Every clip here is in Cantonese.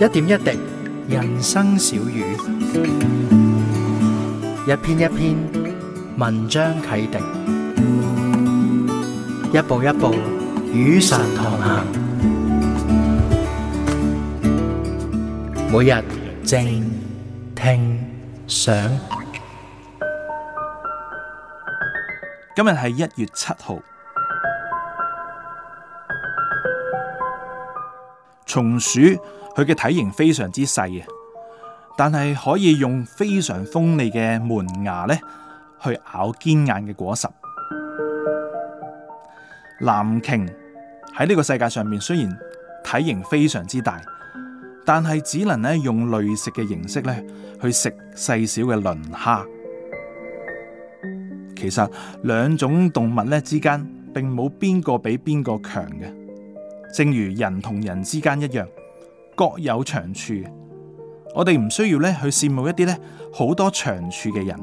一點一滴，人生小語；一篇一篇，文章啟迪；一步一步，雨傘同行。每日靜聽想，今日係一月七號。松鼠佢嘅體型非常之細嘅，但係可以用非常鋒利嘅門牙咧去咬堅硬嘅果實。藍鯨喺呢個世界上面雖然體型非常之大，但係只能咧用濾食嘅形式咧去食細小嘅磷蝦。其實兩種動物咧之間，並冇邊個比邊個強嘅。正如人同人之間一樣，各有長處。我哋唔需要咧去羨慕一啲咧好多長處嘅人，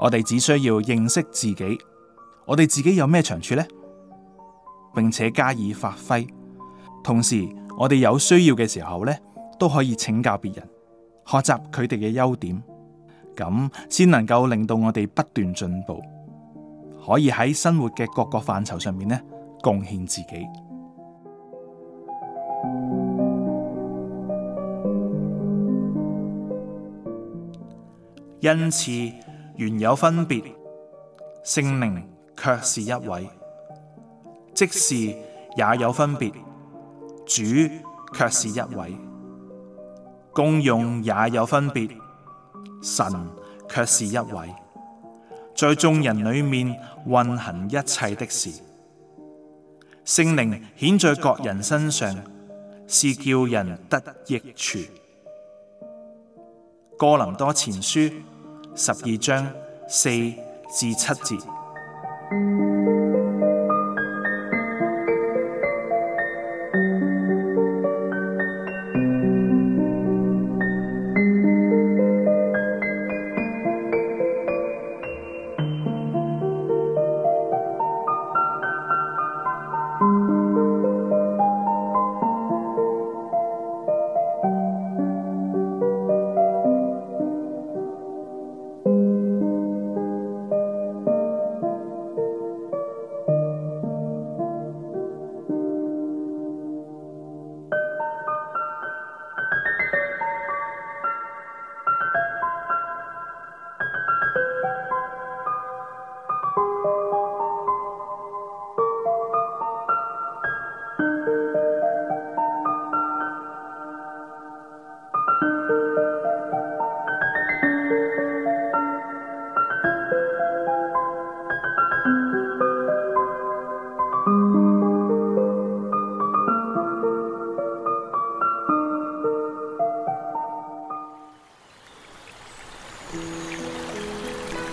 我哋只需要認識自己。我哋自己有咩長處呢？並且加以發揮。同時，我哋有需要嘅時候咧，都可以請教別人，學習佢哋嘅優點，咁先能夠令到我哋不斷進步，可以喺生活嘅各個範疇上面咧貢獻自己。因此原有分別，聖靈卻是一位；即是也有分別，主卻是一位；功用也有分別，神卻是一位，在眾人裏面運行一切的事。聖靈顯在各人身上，是叫人得益處。哥林多前書十二章四至七節。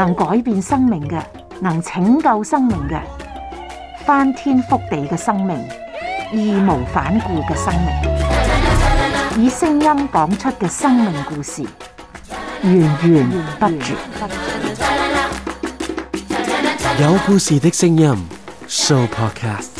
能改變生命嘅，能拯救生命嘅，翻天覆地嘅生命，義無反顧嘅生命，以聲音講出嘅生命故事，源源不絕。有故事的聲音，Sooo Podcast。